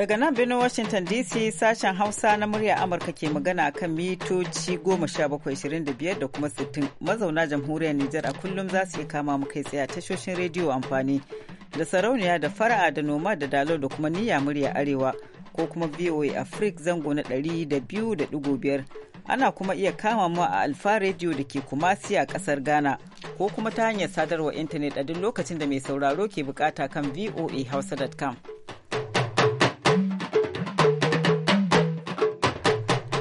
Daga nan birnin Washington DC sashen Hausa na murya Amurka ke magana a kan mitoci 1725 da kuma 60 mazauna jamhuriyar Nijar a kullum za su iya kama mu kai tsaye a tashoshin rediyo amfani da sarauniya da fara'a da noma da dalo da kuma niyya murya arewa ko kuma VOA Africa zango na 200.5 ana kuma iya kama mu a Alfa Radio da ke Kumasi a kasar Ghana ko kuma ta hanyar sadarwa intanet a duk lokacin da mai sauraro ke bukata kan voahausa.com.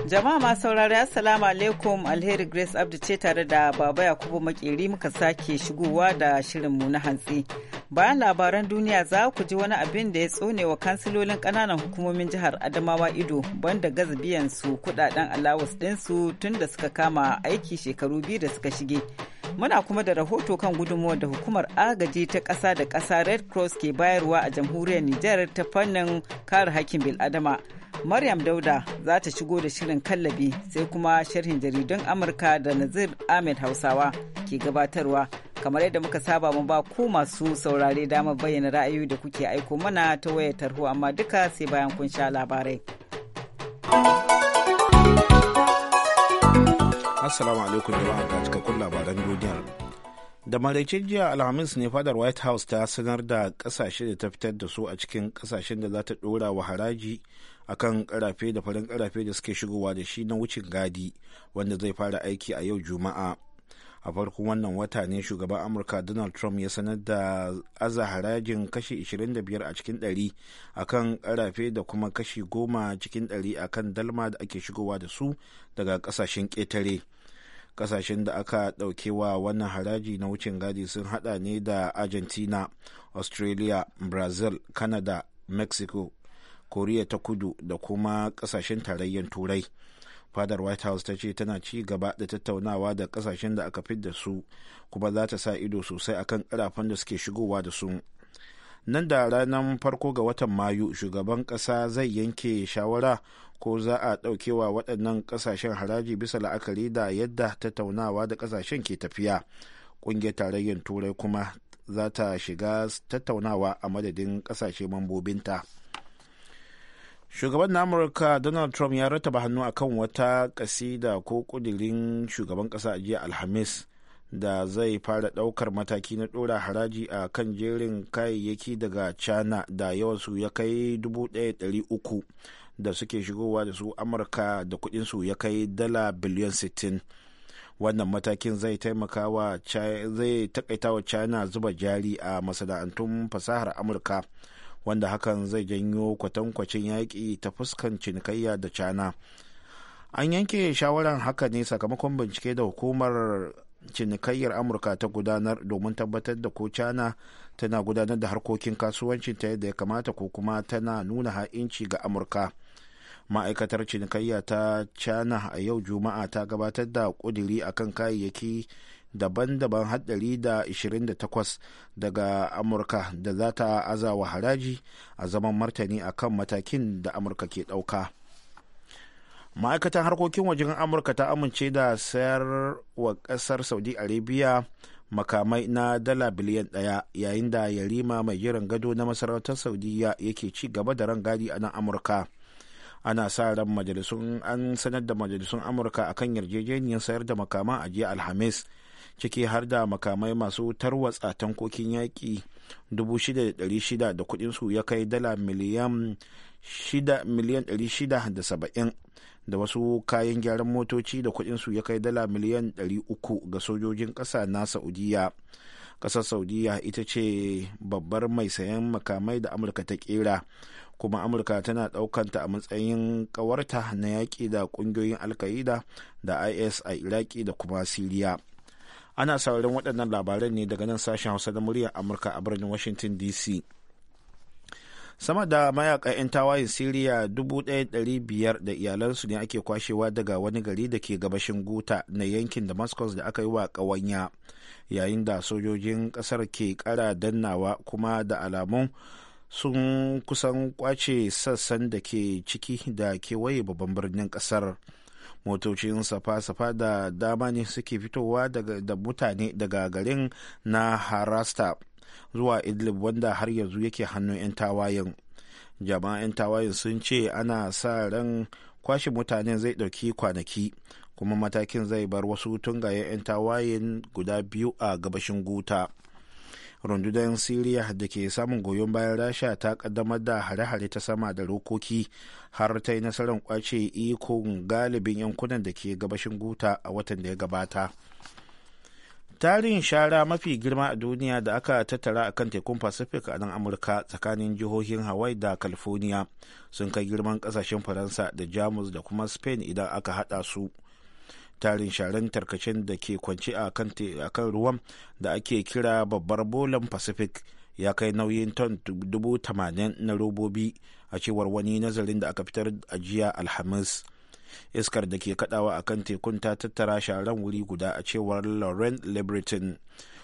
Jama'a masu saurari Assalamu alaikum Alheri Grace Abdu ce tare da Baba Yakubu Makeri muka sake shigowa da shirin mu na hantsi. Bayan labaran duniya za ku ji wani abin da ya tsone wa kansilolin ƙananan hukumomin jihar Adamawa Ido banda gaza biyan su kudaden allowance ɗinsu tun da suka kama aiki shekaru biyu da suka shige. Muna kuma da rahoto kan gudunmuwar da hukumar agaji ta kasa da kasa Red Cross ke bayarwa a jamhuriyar Nijar ta fannin kare hakkin bil'adama. Maryam Dauda za ta shigo da shirin kallabi sai kuma sharhin jaridun Amurka da Nazir Ahmed Hausawa ke gabatarwa. Kamar yadda muka saba mu ba ku masu saurare damar bayyana ra'ayoyi da kuke aiko mana ta wayar tarho amma duka sai bayan kun sha labarai. Assalamu alaikum jama'a ga cikakkun labaran duniya Da maraicin jiya Alhamis ne fadar White House ta sanar da kasashe da ta fitar da su a cikin kasashen da za ta ɗora wa haraji akan karafe da farin karafe da suke shigowa da shi na wucin gadi wanda zai fara aiki a yau juma'a a farkon wannan wata ne shugaban amurka donald trump ya sanar da aza harajin kashi 25 a cikin 100 akan karafe da kuma kashi 10 cikin 100 akan dalma da ake shigowa da su daga kasashen ƙetare kasashen da aka wa wannan haraji na wucin gadi sun hada ne da argentina australia brazil canada mexico koriya ta kudu da kuma kasashen tarayyar turai fadar white house ta ce tana ci gaba da tattaunawa da kasashen da aka fidda su kuma za ta sa ido sosai akan karafan da suke shigowa da su nan da ranar farko ga watan mayu shugaban kasa zai yanke shawara ko za a ɗaukewa waɗannan kasashen haraji bisa la'akari da yadda tattaunawa da kasashen ke tafiya ƙungiyar tarayyar turai kuma za ta shiga tattaunawa a madadin kasashe mambobinta. shugaban na amurka donald trump ya rataba hannu akan wata kasida ko kudirin shugaban kasa a jiya alhamis da zai fara daukar mataki na dora haraji a kan jerin kayayyaki daga china da yawansu ya kai 1,300 da suke shigowa da su amurka da kudinsu ya kai dala biliyan 60 wannan matakin zai taimaka wa zai takaita wa china zuba jari a masana'antun fasahar amurka wanda hakan zai janyo kwatankwacin yaƙi ta fuskan cinikayya da cana an yanke shawarar haka ne sakamakon bincike da hukumar cinikayyar amurka ta gudanar domin tabbatar da ko cana tana gudanar da harkokin kasuwancin ta yadda ya kamata ko kuma tana nuna ha'inci ga amurka ma'aikatar cinikayya ta cana a yau juma'a ta gabatar da kuduri akan kayayyaki daban-daban haɗari da 28 daga amurka da za ta azawa haraji a zaman martani a kan matakin da amurka ke ɗauka ma'aikatan harkokin wajen amurka ta amince da sayar wa ƙasar saudi arabia makamai na dala biliyan ɗaya yayin da yarima mai jiran gado na masarautar saudiya yake ci gaba da rangadi a nan amurka ana sa ran majalisun an sanar da majalisun amurka akan yarjejeniyar sayar da makaman a jiya alhamis ciki har da makamai masu tarwatsa tankokin yaƙi 6,600 da kudinsu ya kai dala miliyan 670 da wasu kayan gyaran motoci da kudinsu ya kai dala miliyan 300 ga sojojin ƙasa na saudiya ƙasar saudiya ita ce babbar mai sayan makamai da amurka ta ƙera kuma amurka tana ɗaukanta a matsayin ƙawarta na yaƙi da ƙungiyoyin alka'ida da is a iraki da kuma siriya ana sauraron waɗannan labaran ne daga nan sashen hausa da muryar amurka a birnin washington dc sama da mayaka 'yan tawayen siriya 1,500 da iyalansu ne ake kwashewa daga wani gari da ke gabashin guta na yankin damascus da aka yi wa ƙawanya yayin da sojojin ƙasar ke ƙara dannawa kuma da alamun sun kusan kwace sassan da ke ciki da kewaye babban birnin ƙasar. motocin safa-safa da dama ne suke fitowa da mutane daga garin na harasta zuwa idlib wanda har yanzu yake hannun 'yan tawayen jama'a 'yan tawayen sun ce ana sa ran kwashe mutanen zai ɗauki kwanaki kuma matakin zai bar wasu tungayen 'yan tawayen guda biyu a gabashin guta. rundunar siriya da ke samun goyon bayan rasha ta kaddamar da hare-hare ta sama da rokoki har ta yi nasarar kwace ikon galibin yankunan da ke gabashin guta a watan da ya gabata tarihin shara mafi girma a duniya da aka tattara a kan tekun pacific a nan amurka tsakanin jihohin hawaii da california sun kai girman kasashen faransa da jamus da kuma spain idan aka hada su tarin sharan tarkacen da ke kwance a kan ruwan da ake kira babbar bolan pacific ya kai nauyin ton 80,000 na robobi a cewar wani nazarin da aka fitar a jiya alhamis iskar da ke kadawa a kan tekun ta tattara sharan wuri guda a cewar lauren liberton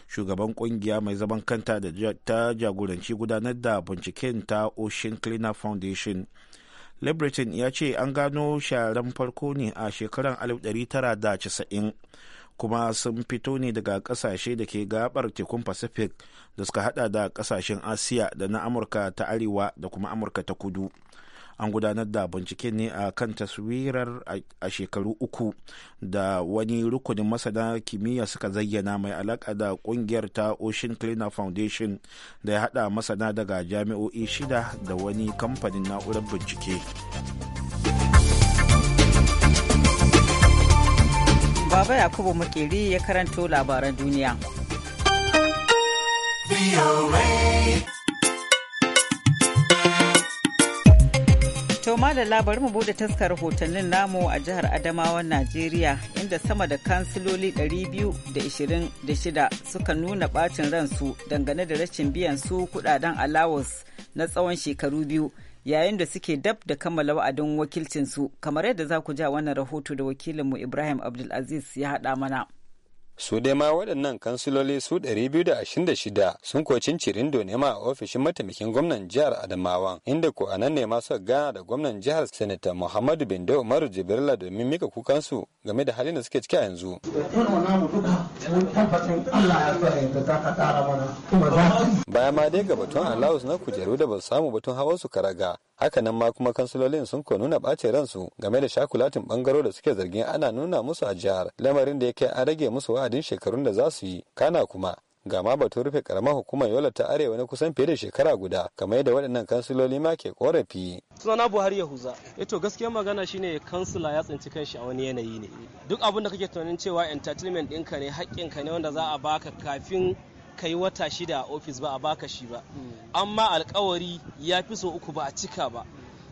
shugaban kungiya mai zaman kanta da ta jagoranci gudanar da binciken ta ocean cleaner foundation liberton ya ce an gano sharan farko ne a shekarar 1990 kuma sun fito ne daga kasashe da ke gabar tekun Pacific da suka hada da kasashen Asiya da na Amurka ta Arewa da kuma Amurka ta Kudu. an gudanar da bincike ne a kan taswirar a shekaru uku da wani rukunin masana kimiyya suka zayyana mai alaka da kungiyar ta ocean cleaner foundation da ya hada masana daga jami'o'i shida da wani kamfanin na'urar bincike baba yakubu makeri ya karanto labaran duniya To da labarinmu mu bude taskar rahotannin namu a jihar Adamawan Najeriya inda sama da kansiloli 226 suka nuna bacin ransu dangane da rashin biyan su kudaden alawus na tsawon shekaru biyu yayin da suke dab da kammala wa'adin wakilcinsu kamar yadda za ku ja wannan rahoto da wakilinmu Ibrahim Abdulaziz ya haɗa mana. su dai ma waɗannan kansiloli su 226 sun kocin cirindo ne nema a ofishin mataimakin gwamnan jihar adamawa. inda ko anan ne ma gana da gwamnan jihar senator muhammadu da umaru jibrila domin mika kukansu game da halin da suke ciki a yanzu baya ma dai ga batun alawus na kujeru da ba samu batun hawan su karaga hakanan ma kuma kansilolin sun ko nuna ɓace ransu game da shakulatin bangaro da suke zargin ana nuna musu a jihar lamarin da ya kai an rage musu wa wa'adin shekarun da za su yi kana kuma ga ma batun rufe karamar hukumar yola ta arewa na kusan fiye da shekara guda kamar yadda waɗannan kansiloli ma ke korafi sunana buhari yahuza eto eh gaskiyar magana shine kansila ya tsinci kanshi a wani yanayi ne duk abin da kake tunanin cewa entertainment ɗinka ne haƙƙinka ne wanda za a baka kafin ka yi wata shida a ofis ba a baka shi ba hmm. amma alkawari ya fi so uku ba a cika ba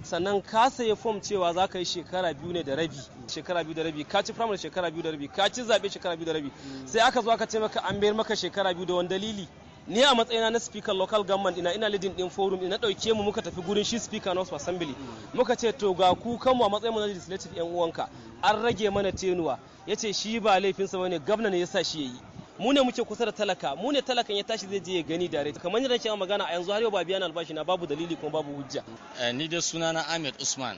sannan ka saye fom cewa za ka yi shekara biyu ne da rabi shekara biyu da rabi ka ci firamare shekara biyu da rabi ka ci zaɓe shekara biyu da rabi sai aka zo aka ce maka an bayar maka shekara biyu da wani dalili ni a matsayina na speaker local government ina ina leading din forum ina dauke mu muka tafi gurin shi speaker House Assembly muka ce to ga ku kanmu a matsayin mu na legislative yan uwanka an rage mana tenuwa yace shi ba laifinsa bane gwamna ne yasa shi yayi mu ne muke kusa da talaka mu ne talakan ya tashi zai je ya gani dare kamar yadda cewa magana a yanzu har yau ba biyan albashi na babu dalili kuma babu hujja eh, ni da sunana Ahmed Usman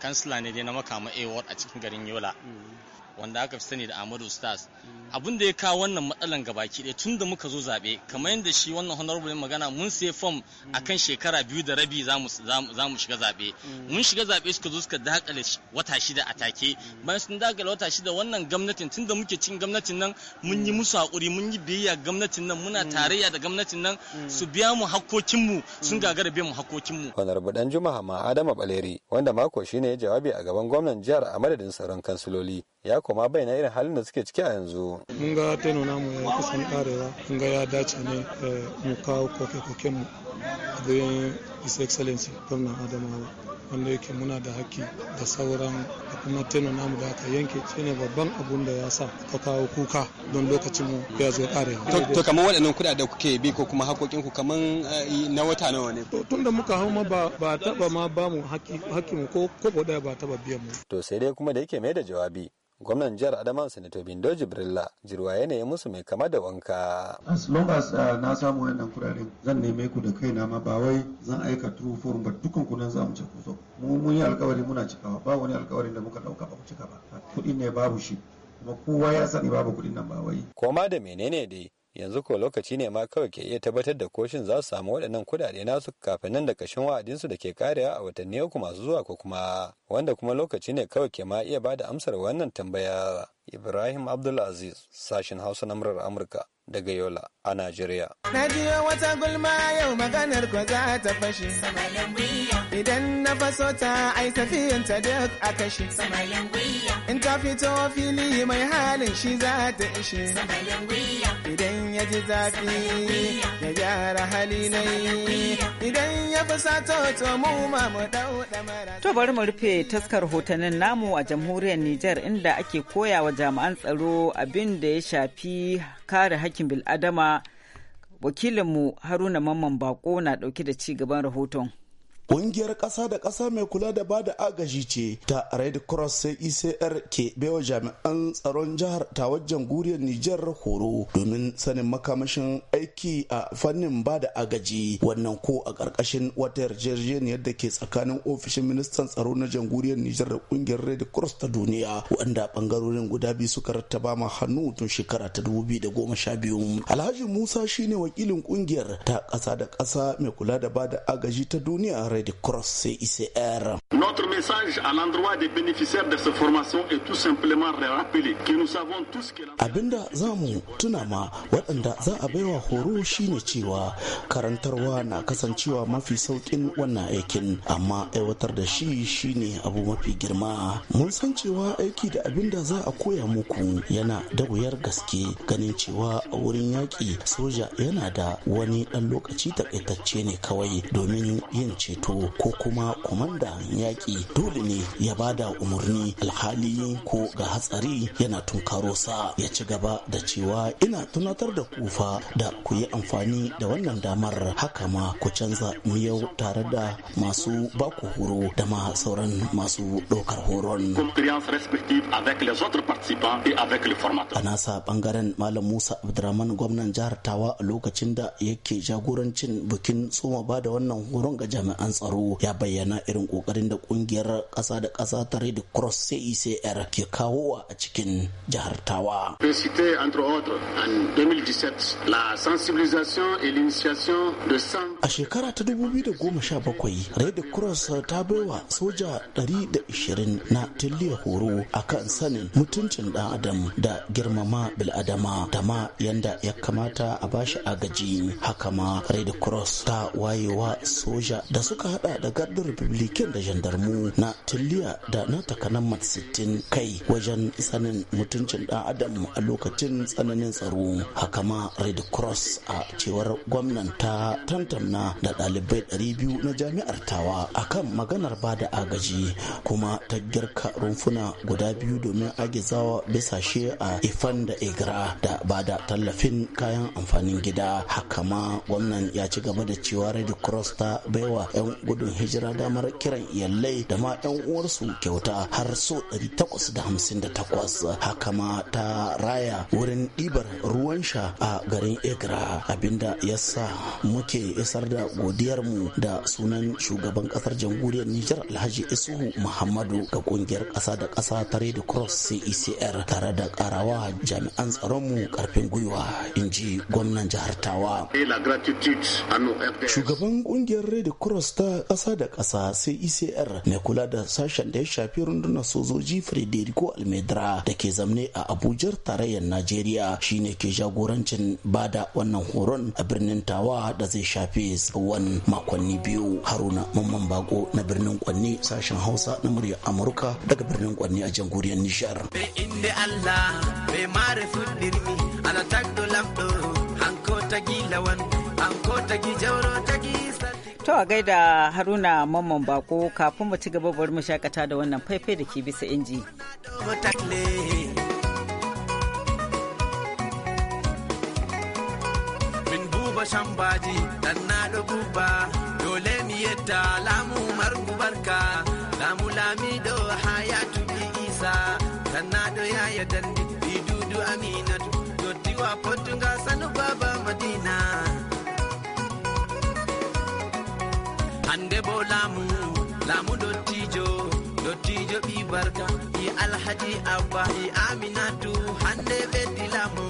kansila ne dai na makama a a cikin garin Yola mm. wanda aka fi sani da Amadu Stars abin da ya kawo wannan matsalan gabaki ɗaya tun da muka zo zaɓe kamar yadda shi wannan honorable magana mun sai fom akan shekara biyu da rabi za mu shiga zaɓe mun shiga zaɓe suka zo suka dakale wata shida a take bayan sun dakale wata shida wannan gwamnatin tun da muke cin gwamnatin nan mun yi musu haƙuri mun yi biyayya gwamnatin nan muna tarayya da gwamnatin nan su biya mu hakkokinmu sun gagara biya mu hakkokinmu. honorable dan juma'a ma adama baleri wanda mako shine ya jawabi a gaban gwamnan jihar a madadin sauran kansiloli ya koma bai irin halin da suke ciki a yanzu. Mun ga nuna mu ya kusan karewa, mun ga ya dace ne eh, mu kawo koke-koke mu a gurin His Excellency Gwamnan Adamawa. Wanda yake muna da haƙƙi da sauran da kuma nuna mu da aka yanke shi ne babban abun da ya sa ka kawo kuka don lokacin mu ya zo karewa. To kamar waɗannan da kuke bi ko kuma haƙoƙin ku kamar eh, na wata nawa ne? To tunda muka hau ma ba taɓa ma ba mu haƙƙi mu ko kobo ɗaya ba taɓa biyan mu. To sai dai kuma da yake mai da jawabi gwamnan jihar Adaman sanato bindo jibrilla jirwa yanayin musu mai kama da wanka as long as uh, na samu wannan kudaden zan neme ku da kaina ma ba wai zan aika true form ba dukkan ku za mu ce ku so mu mun yi alkawari muna cikawa ba wani alkawari da muka dauka ba ku cika ba kuɗi ne babu shi kuma kowa ya sani babu kudin nan ba wai koma da menene dai yanzu ko lokaci ne ma kawai ke iya tabbatar da koshin za su samu waɗannan kuɗaɗe nasu kafin nan da kashin wa'adinsu da ke karewa a watanni uku masu zuwa ko kuma wanda kuma lokaci ne kawai ke ma iya ba da amsar wannan tambaya ibrahim abdulaziz sashen hausa na murar amurka daga Yola a Najeriya. Na jiyo wata gulma yau maganar ko za ta fashe. Idan na faso ta ai tafiyan ta duk a kashe. In ta fito fili mai halin shi za ta ishe. Idan ya ji zafi ya gyara hali na yi. Idan ya fi sato to mu ma mu dau To bari mu rufe taskar hotonin namu a jamhuriyar Nijar inda ake koya wa jami'an tsaro abin da ya shafi kare hakkin bil'adama wakilinmu haruna mamman bako na ɗauke da ci gaban rahoton Ƙungiyar ƙasa da ƙasa mai kula da ba da agaji ce ta Red Cross sai ICR e ke baiwa jami'an tsaron jihar ta wajen guriyar Nijar horo domin sanin makamashin aiki a fannin ba da agaji wannan ko a ƙarƙashin wata yarjejeniyar da ke tsakanin ofishin ministan tsaro na jamhuriyar Nijar da ƙungiyar Red Cross ta duniya wanda ɓangarorin guda biyu suka rattaba ma hannu tun shekara ta goma biyu. Alhaji Musa shine wakilin ƙungiyar ta ƙasa da ƙasa mai kula da ba da agaji ta duniya de Cross ICR. Notre message à l'endroit des bénéficiaires de cette formation est tout simplement de rappeler que nous savons tous que Abinda za mu tuna ma waɗanda za a baiwa horo shine cewa karantarwa na kasancewa mafi sauƙin wannan aikin amma aiwatar da shi shine abu mafi girma. Mun san cewa aiki da abinda za a koya muku yana da wuyar gaske ganin cewa a wurin yaƙi soja yana da wani ɗan lokaci takaitacce ne kawai domin yin ceto. to ko kuma kwamandan yaƙi dole ne ya ba da umarni alhali ko ga hatsari yana tunkaro sa ya ci gaba da cewa ina tunatar da kufa da ku yi amfani da wannan damar haka ma ku canza miyau tare da masu baku horo da ma sauran masu ɗaukar horon. A nasa bangaren Malam Musa Abdurrahman gwamnan jihar Tawa a lokacin da yake jagorancin bikin tsoma ba da wannan horon ga jami'an tsaro ya bayyana irin kokarin da kungiyar kasa da kasa ta red cross CICR e ke kawo a cikin jihar Tawa. Cité 2017 la sensibilisation et l'initiation A shekara ta 2017 Red Cross ta baiwa soja 120 na tilliya horo a kan sanin mutuncin dan adam da girmama bil'adama da ma yanda ya kamata a bashi agaji haka ma Red Cross ta wayewa soja da suka suka hada da gardin republican da jandarmu na tulliya da na takanan matsittin kai wajen tsanin mutuncin dan adam a lokacin tsananin tsaro haka ma red cross a cewar gwamnan ta tantamna da ɗalibai 200 na jami'ar tawa akan maganar bada agaji kuma ta girka rumfuna guda biyu domin agizawa bisashe a ifan da igra da bada tallafin kayan amfanin gida haka ma gwamnan ya ci gaba da cewa red cross ta baiwa 'yan gudun hijira damar kiran iyalai da ma 'yan uwarsu kyauta har so 858 haka ma ta raya wurin ɗibar ruwan sha a garin egra abinda ya sa muke isar da godiyarmu da sunan shugaban kasar jamhuriyar nijar alhaji isuhu muhammadu ga kungiyar ƙasa da ƙasa ta red cross cecr tare da karawa jami'an tsaronmu karfin gwiwa in ji gwamnan jihar tawa shugaban kungiyar red cross ta ƙasa da ƙasa sai ecr mai kula da sashen da ya shafi rundunar sojoji frederico almedra da ke zamne a abujar tarayyar najeriya shine ke jagorancin bada wannan horon a birnin tawa da zai shafi tsawon makonni biyu haruna mamman bako na birnin kwanne sashen hausa na murya amurka daga birnin kwanne a jamhuriyar nishar ta gila wani an ko ta gi jauro ta gi To a gaida Haruna Mamman Bako kafin mu ci gaba bari mu shakata da wannan faifai da ke bisa inji. Bin buba shambaji dan na da buba dole mi yadda lamu margu barka lamu lami da haya tuki isa dan na do yaya dan bidudu aminatu do tiwa potunga baba madina lamu lamu dottijo dottijo ɓi barka i alhaji abba i aminatu hande ɓeddi lamu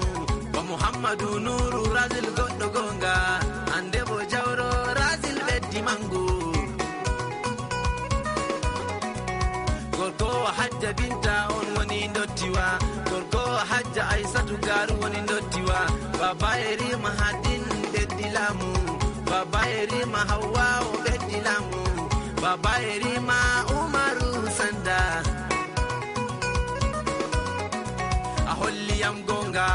ba muhammadu nuru rasil gonga hande bo jawro rasil ɓeddi mangu gorkowa hajja binta on woni dottiwa gorkowa hajja aissatu garu woni dottiwa baba erima hadin ɓeddi lamu baba erima hawwa damu baba erima umaru sanda Aholi holliyam gonga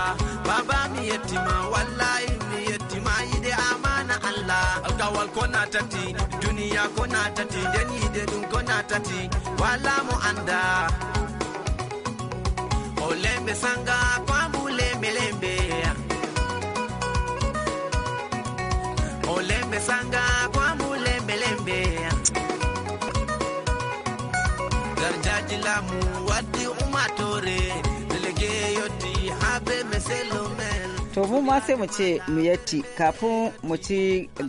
baba mi yettima wallahi mi yettima yide amana allah alkawal ko natati duniya ko natati nden yide dun ko natati wala mo anda o lembe sanga kwamu lembe lembe o lembe sanga salamu waddi umatore habe to mu ma sai mu ce yatti kafin mu ci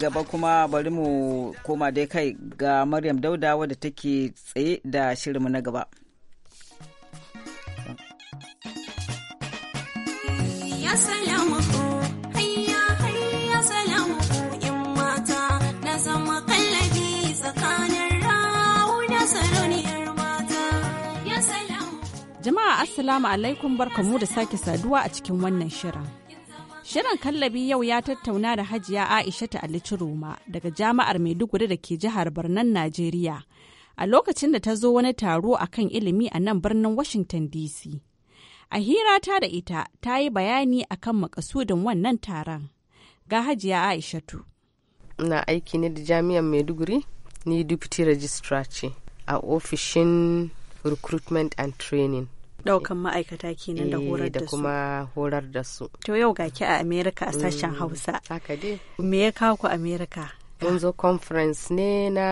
gaba kuma bari mu koma dai kai ga maryam dauda wadda take tsaye da shirinmu na gaba ya salamu Jama'a Assalamu alaikum barkamu da sake saduwa a cikin wannan shirin. Shirin kallabi yau ya tattauna da Hajiya Aisha ta Alici Roma daga Jami'ar Maiduguri da ke jihar birnin Najeriya a lokacin da ta zo wani taro a kan ilimi a nan birnin Washington DC. A hira ta da ita ta yi bayani akan makasudin wannan taron. Ga Hajiya Aishatu. Na aiki ne da Jami'ar Maiduguri, ni Deputy Registrar ce a ofishin recruitment and training daukan ma'aikata kenan da eh, horar da su Da kuma horar da su to yau ga ke a america a sashen mm, hausa haka dai me ya kawo ku america mun zo conference ne na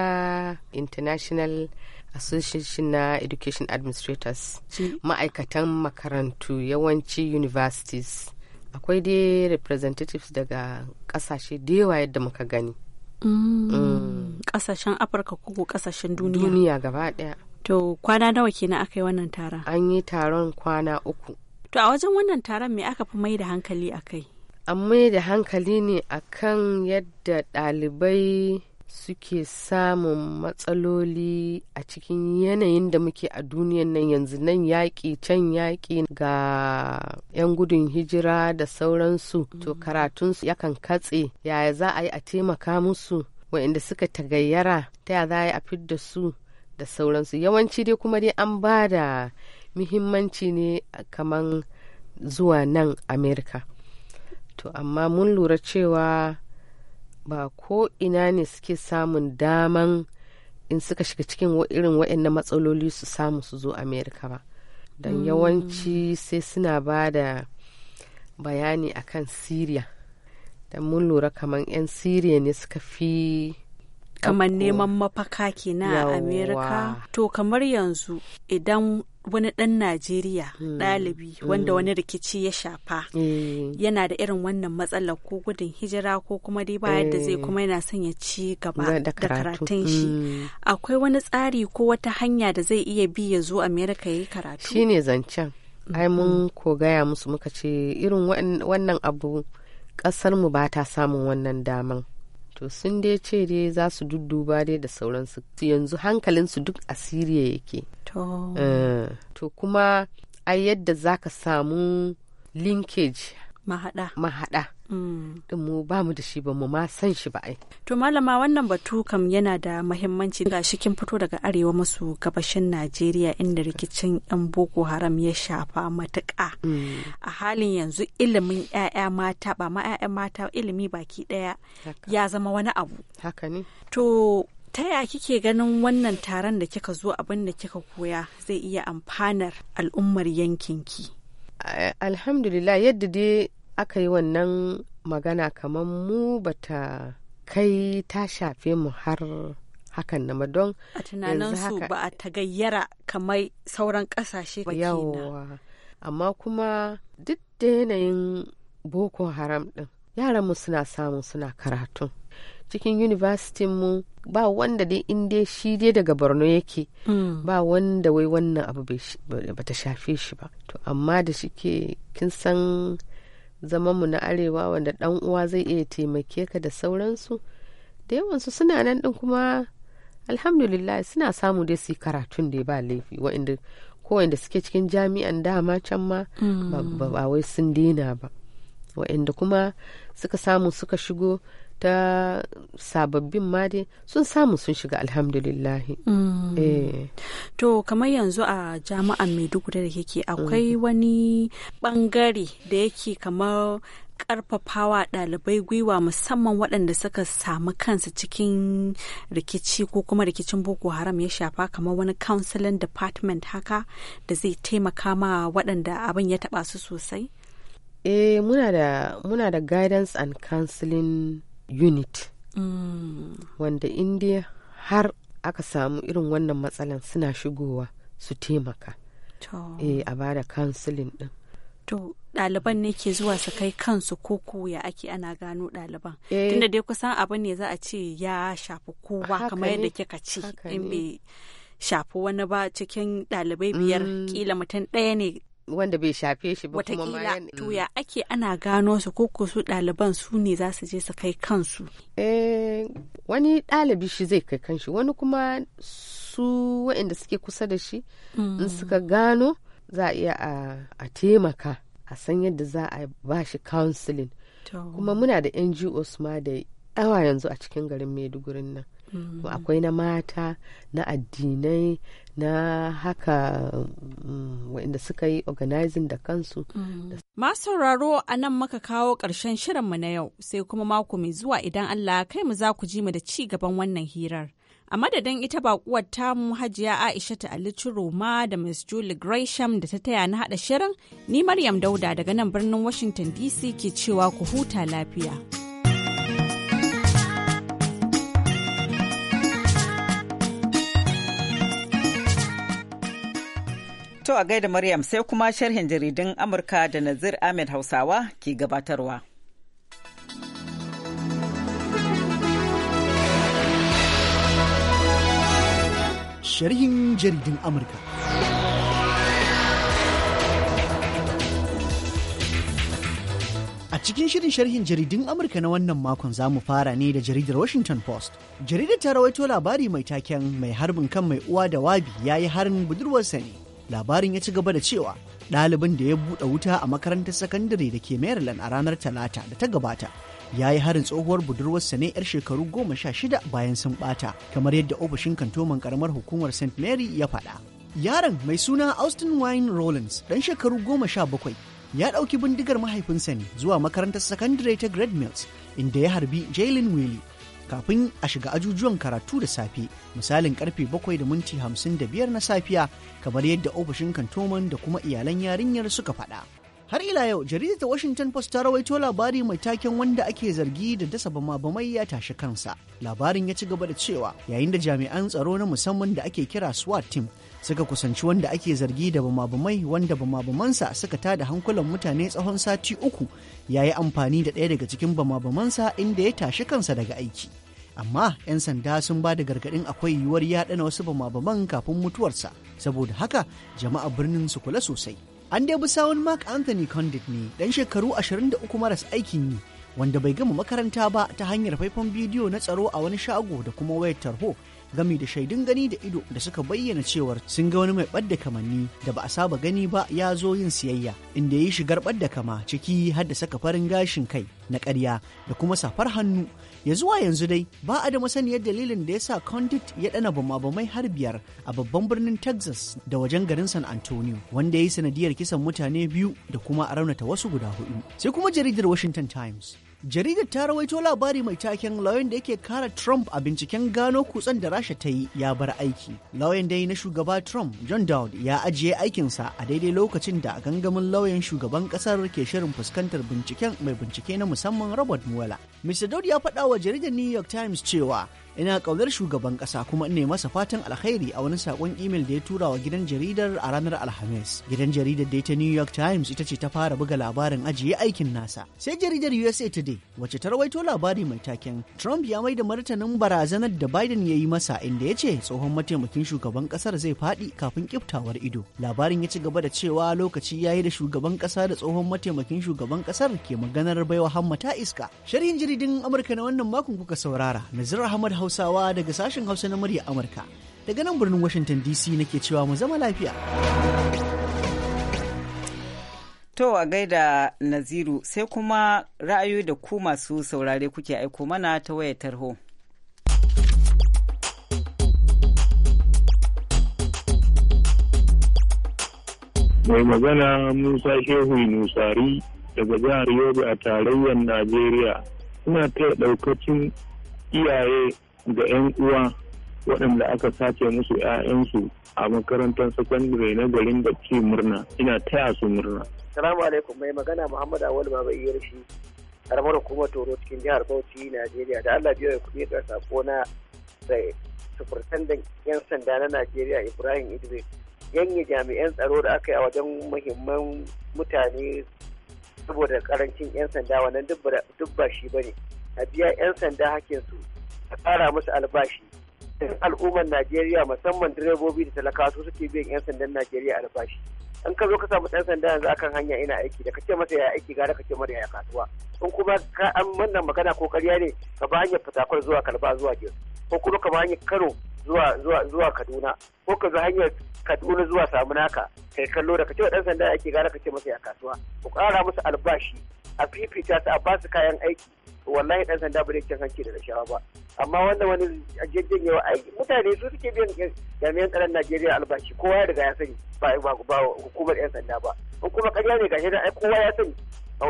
international association na education administrators ma'aikatan makarantu yawanci universities akwai dai representatives daga kasashe da yawa yadda muka gani kasashen mm, mm. afirka ko kasashen duniya duniya gaba daya To kwana nawa kenan aka yi wannan taron? An yi taron kwana uku. To a wajen wannan taron me aka fi mai da hankali a kai? An mai da hankali ne a kan yadda ɗalibai suke samun matsaloli a cikin yanayin da muke a duniyan nan yanzu nan yaƙi can yaƙi ga 'yan gudun hijira da sauransu mm. to karatunsu yakan katse yaya za a yi a taimaka musu waɗanda suka tagayyara ta za a yi a fidda su da sauransu yawanci dai kuma dai an ba da muhimmanci ne kaman zuwa nan amerika to amma mun lura cewa ba ko ina ne suke samun daman in suka shiga cikin irin waɗannan matsaloli su samu su zo amerika ba don hmm. yawanci sai suna ba da bayani akan syria don mun lura kaman 'yan syria ne suka fi kamar neman mafaka kenan a amerika to kamar yanzu idan wani ɗan najeriya hmm. ɗalibi hmm. wanda wani rikici ya shafa hmm. yana da irin wannan matsalar ko gudun hijira ko kuma dai ba yadda zai kuma yana son ya ci gaba da karatun shi akwai wani tsari ko wata hanya da zai iya bi ya zo amerika ya yi karatu shine zancen ai mun mm-hmm. ko gaya musu muka ce irin wannan abu ƙasarmu ba ta samun wannan daman to sun dai ce dai za su dudduba dai da sauransu yanzu hankalinsu duk a siriya yake to eh, kuma ai yadda za ka samu linkage mahada din mm. mu ba mu da shi ba mu ma san shi ba ai to malama wannan batu kam yana da muhimmanci ga shi kin fito daga arewa maso gabashin Najeriya inda rikicin yan boko haram ya shafa matuƙa mm. a halin yanzu ilimin ƴaƴa mata ba ma ƴaƴa mata ilimi baki ɗaya ya zama wani abu haka ne to ta ya kike ganin wannan taron da kika zo abin da kika koya zai iya amfanar al'ummar yankinki alhamdulillah yadda dai aka yi wannan magana kamar mu bata kai ta shafe mu har hakan na madon a tunaninsu haka... ba a tagayyara kamar sauran kasashe ba yawa amma kuma duk da yanayin boko haram din mu suna samun suna karatu cikin yunivasitin mu ba wanda dai in dai shi dai daga borno yake mm. ba wanda wai wannan abu ba ta shafe shi ba to amma da shike kin san zaman mu na arewa wanda dan uwa zai iya taimake ka da sauransu da yawansu suna nan din kuma alhamdulillah suna samu dai su yi karatun da ba laifi wa'inda kowanda suke cikin jami'an dama can ma ba wai sun daina ba wa'inda kuma suka samu suka shigo ta sababbin ma dai sun samu sun shiga alhamdulillahi. Mm. Eh. To kamar yanzu a jami'an Maiduguri da ke. akwai mm. wani bangare da yake kamar karfafawa ɗalibai gwiwa musamman waɗanda suka samu kansu cikin rikici ko kuma rikicin boko haram ya shafa kamar wani counseling department haka da zai taimaka ma waɗanda abin ya taɓa su sosai? eh muna da muna da guidance and counseling unit mm. wanda indiya har aka samu irin wannan matsalan suna shigowa su taimaka e, a bada kansilin din to ɗaliban ne ke zuwa su kai kansu ko ya ake ana gano ɗaliban e, tunda dai kusan abu ne za a ce ya shafi kowa kamar yadda kika ce in bai shafi wani ba cikin ɗalibai mm. biyar mm. kila mutum ɗaya ne wanda bai shafe shi ba kuma ma to ya ake ana gano su ko su ɗaliban su ne za su je su kai kansu eh wani ɗalibi shi zai kai kanshi wani kuma su waɗanda suke kusa da shi in hmm. suka gano za a iya a taimaka a san yadda za a ba shi counseling kuma muna da ngos ma da yawa yanzu a cikin garin Maiduguri nan hmm. akwai na mata na addinai na haka mm, waɗanda suka yi organizing da kansu. Mm. Masu sauraro a nan maka kawo ƙarshen shirinmu na yau sai kuma mako mai zuwa idan Allah kai mu za ku ji mu da ci gaban wannan hirar. A madadin ita baƙuwar tamu hajiya Aisha ta Ali Ciroma da Miss Julie Gresham da ta taya na haɗa shirin, ni Maryam Dauda daga nan birnin Washington DC ke cewa ku huta lafiya. To a gaida Maryam sai kuma sharhin jaridun Amurka da Nazir Ahmed Hausawa ke gabatarwa. Sharhin jaridun Amurka. A cikin shirin sharhin jaridun Amurka na wannan makon za mu fara ne da jaridar Washington Post. Jaridar ta rawaito labari mai taken mai harbin kan mai uwa da wabi ya yi harin budurwarsa ne. labarin ya ci gaba da cewa ɗalibin da ya buɗe wuta a makarantar sakandare da ke maryland a ranar talata da ta gabata ya yi harin tsohuwar budurwarsa ne 'yar shekaru goma sha shida bayan sun ɓata kamar yadda ofishin kantoman karamar hukumar st mary ya faɗa yaron mai suna austin wine rollins ɗan shekaru goma sha bakwai ya ɗauki bindigar mahaifinsa ne zuwa makarantar sakandare ta Great Mills inda ya harbi Jalen Wiley kafin a shiga ajujuwan karatu da safe misalin karfe 7 da minti 55 na safiya kamar yadda ofishin kantoman da kuma iyalan yarinyar suka faɗa. Har ila yau jaridar ta Washington Post ta rawaito labari mai taken wanda ake zargi da dasa bama-bamai ya tashi kansa. Labarin ya ci gaba da cewa yayin da jami'an tsaro na musamman da ake kira SWAT team suka kusanci wanda ake zargi da bamabamai wanda bamabamansa suka tada hankulan mutane tsawon sati uku ya yi amfani da ɗaya daga cikin bamabamansa inda ya tashi kansa daga aiki amma 'yan sanda sun ba da gargaɗin akwai yiwuwar ya ɗana wasu bamabaman kafin mutuwarsa saboda haka jama'a birnin su kula sosai an dai bi sawun mark anthony condit ne dan shekaru ashirin da uku maras aikin yi wanda bai gama makaranta ba ta hanyar faifan bidiyo na tsaro a wani shago da kuma wayar tarho gami da shaidun gani da ido da suka bayyana cewar sun ga wani mai ɓadda kamanni da ba a saba gani ba ya zo yin siyayya inda ya yi shigar ɓadda kama ciki har da saka farin gashin kai na ƙarya da kuma safar hannu ya zuwa yanzu dai ba a da masaniyar dalilin da ya sa condit ya ɗana bama-bamai har biyar a babban birnin texas da wajen garin san antonio wanda ya yi sanadiyar kisan mutane biyu da kuma a raunata wasu guda hudu sai kuma jaridar washington times jaridar ta rawaito labari mai taken lauyan da yake kara trump a binciken gano kutsen da rasha ta yi ya bar aiki lauyan dai na shugaba trump john dowd ya ajiye aikinsa a daidai lokacin da gangamin lauyan shugaban kasar ke shirin fuskantar binciken mai bincike na musamman robert mueller mr dowd ya faɗa wa jaridar new york times cewa ina kaunar shugaban kasa kuma ne masa fatan alkhairi a wani sakon imel da ya tura wa gidan jaridar a ranar alhamis gidan jaridar da ta new york times ita ce ta fara buga labarin ajiye aikin nasa sai jaridar usa today wacce ta rawaito labari mai taken trump ya mai da martanin barazanar da biden ya yi masa inda ya ce tsohon mataimakin shugaban kasar zai faɗi kafin kiftawar ido labarin ya ci gaba da cewa lokaci ya yi da shugaban kasa da tsohon mataimakin shugaban ƙasar ke maganar baiwa ta iska sharhin jaridin amurka na wannan makon kuka saurara nazir ahmad Hausawa daga sashen Hausa na murya Amurka. Daga nan birnin Washington DC nake cewa mu zama lafiya. To a gaida Naziru sai kuma ra'ayoyi da ku masu saurare kuke aiko mana ta wayar tarho. Mai magana Musa Shehu Nusari daga jihar Yobe a tarayyar Najeriya. Ina ta ɗaukacin iyaye da 'yan uwa waɗanda aka sace musu 'ya'yansu a makarantar secondary na garin bacci murna ina taya su murna. Salamu alaikum mai magana Muhammad Awal Baba Iyarshi karamar hukumar Toro cikin jihar Bauchi Najeriya da Allah biyo ya kuɗi ga sako na da sufurtandan 'yan sanda na Najeriya Ibrahim Idris yanye jami'an tsaro da aka yi a wajen muhimman mutane saboda karancin 'yan sanda wannan duk ba shi bane a biya 'yan sanda hakinsu a tsara musu albashi dan al'ummar najeriya musamman direbobi da talakawa su suke biyan 'yan sandan najeriya albashi in ka zo ka samu ɗan sanda yanzu akan hanya ina aiki da kace masa ya aiki gara kace mara ya kasuwa in kuma ka an wannan magana ko ƙarya ne ka ba hanyar fitakwal zuwa kalba zuwa jos ko kuma ka ba hanyar kano zuwa zuwa zuwa kaduna ko ka zo hanyar kaduna zuwa samunaka kai kallo da kace wa ɗan sanda yake gara kace masa ya kasuwa ku ƙara musu albashi a fifita su a basu kayan aiki wallahi dan sanda ba zai cin hanci da rashawa ba amma wanda wani yawa aiki mutane su suke biyan jami'an tsaron Najeriya albashi kowa ya riga ya sani ba ba hukumar yan sanda ba in kuma ƙarya ne gashi da kowa ya sani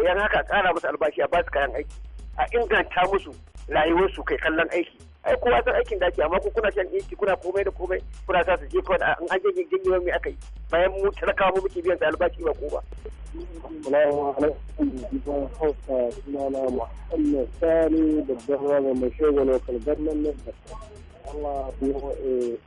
yan haka a kara musu albashi a basu kayan aiki a inganta musu rayuwarsu kai kallon aiki ai kowa san aikin da ake amma ko kuna shan inki kuna komai da komai kuna sa su je kawai an aje je gingimar mai yi bayan mu talakawa mu muke biyan sa albashi ba ko ba. Salamu alaikum Hausa sunana Muhammad Sani da mai shagon wakil Allah BOA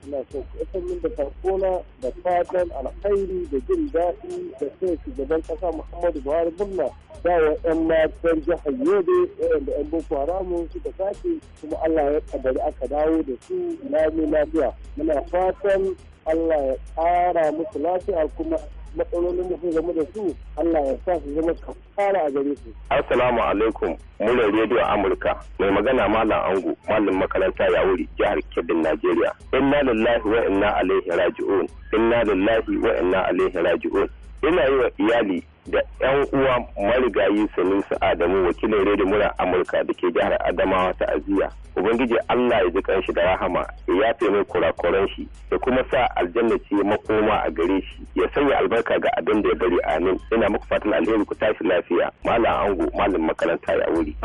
ina so ku min da farkona da fatan alkhairi da jin daɗi da sai shugaban ƙasa Muhammadu Buhari murna dawa 'yan matan jihar Yobe waɗanda 'yan Boko Haramu suka sace kuma Allah ya kaddari aka dawo da su lami lafiya. Muna fatan Allah ya ƙara musu lafiya kuma matsalolin da sun zama da su Allah ya sa su zama kafara a gare su. Assalamu alaikum muryar rediyo Amurka mai magana Malam Ango Malam makaranta ya wuri jihar Kebbin Najeriya. Inna lillahi wa inna alaihi raji'un. Inna lillahi wa inna alaihi raji'un. ina yi wa iyali da 'yan uwa marigayi su adamu wakilin rediyo mura amurka da ke jihar adamawa ta aziya ubangiji allah ya ji kanshi da rahama ya yafe mai kurakuran shi da kuma sa aljanna ce makoma a gare shi ya sanya albarka ga abin da ya bari amin ina muku fatan alheri ku tashi lafiya malam ango malam makaranta ya wuri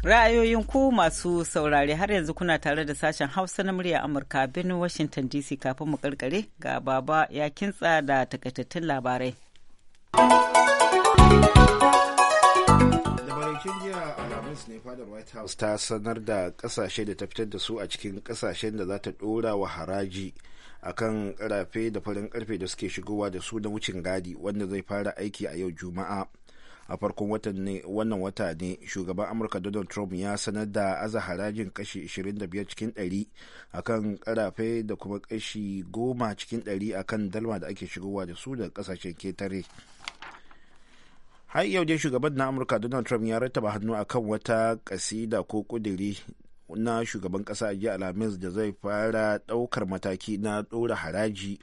Ra'ayoyin ku masu saurare har yanzu kuna tare da sashen Hausa na murya Amurka birnin Washington DC kafin mu karkare ga baba ya kintsa da takaitattun labarai. cikin jiya alhamis ne fadar white house ta sanar da kasashe da ta fitar da su a cikin kasashen da za ta dora wa haraji akan karafe da farin karfe da suke shigowa da su na wucin gadi wanda zai fara aiki a yau juma'a a farkon wannan wata ne shugaban amurka donald trump ya sanar da aza harajin kashi 25 cikin 100 akan karafe da kuma kashi 10 cikin 100 akan dalma da ake shigowa da su da kasashen ketare har yau dai shugaban na amurka donald trump ya rattaba hannu akan wata kasida ko kudiri na shugaban kasa a jiya alhamis da zai fara daukar mataki na dora haraji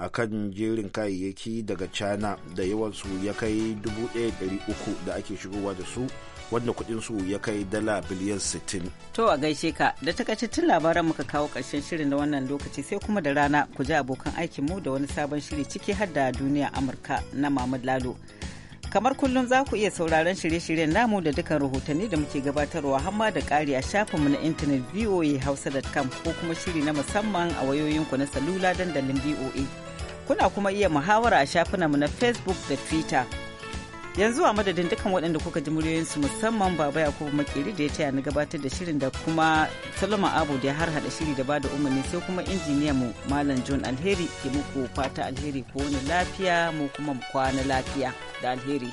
a kan jerin kayayyaki daga china da yawansu ya kai 1,300 da ake shigowa da su wanda kudinsu ya kai dala biliyan 60. To a gaishe ka da takaitattun labaran muka kawo karshen shirin na wannan lokaci sai kuma da rana ku ji abokan aikin mu da wani sabon shiri ciki har da duniya Amurka na Mahmud Lalo. Kamar kullum za ku iya sauraron shirye-shiryen namu da dukkan rahotanni da muke gabatarwa hamma da ƙari a shafinmu na intanet hausa.com ko kuma shiri na musamman a wayoyinku na salula dandalin VOA. kuna kuma iya muhawara a mu na facebook da twitter yanzu a madadin dukkan waɗanda kuka ji muryoyinsu musamman baba yakubu makeri da ya taya na gabatar da shirin da kuma salama abu da ya har hada shiri da bada umarni sai kuma injiniya mu malam john alheri ke muku fata alheri ko wani lafiya mu kuma kwana lafiya da alheri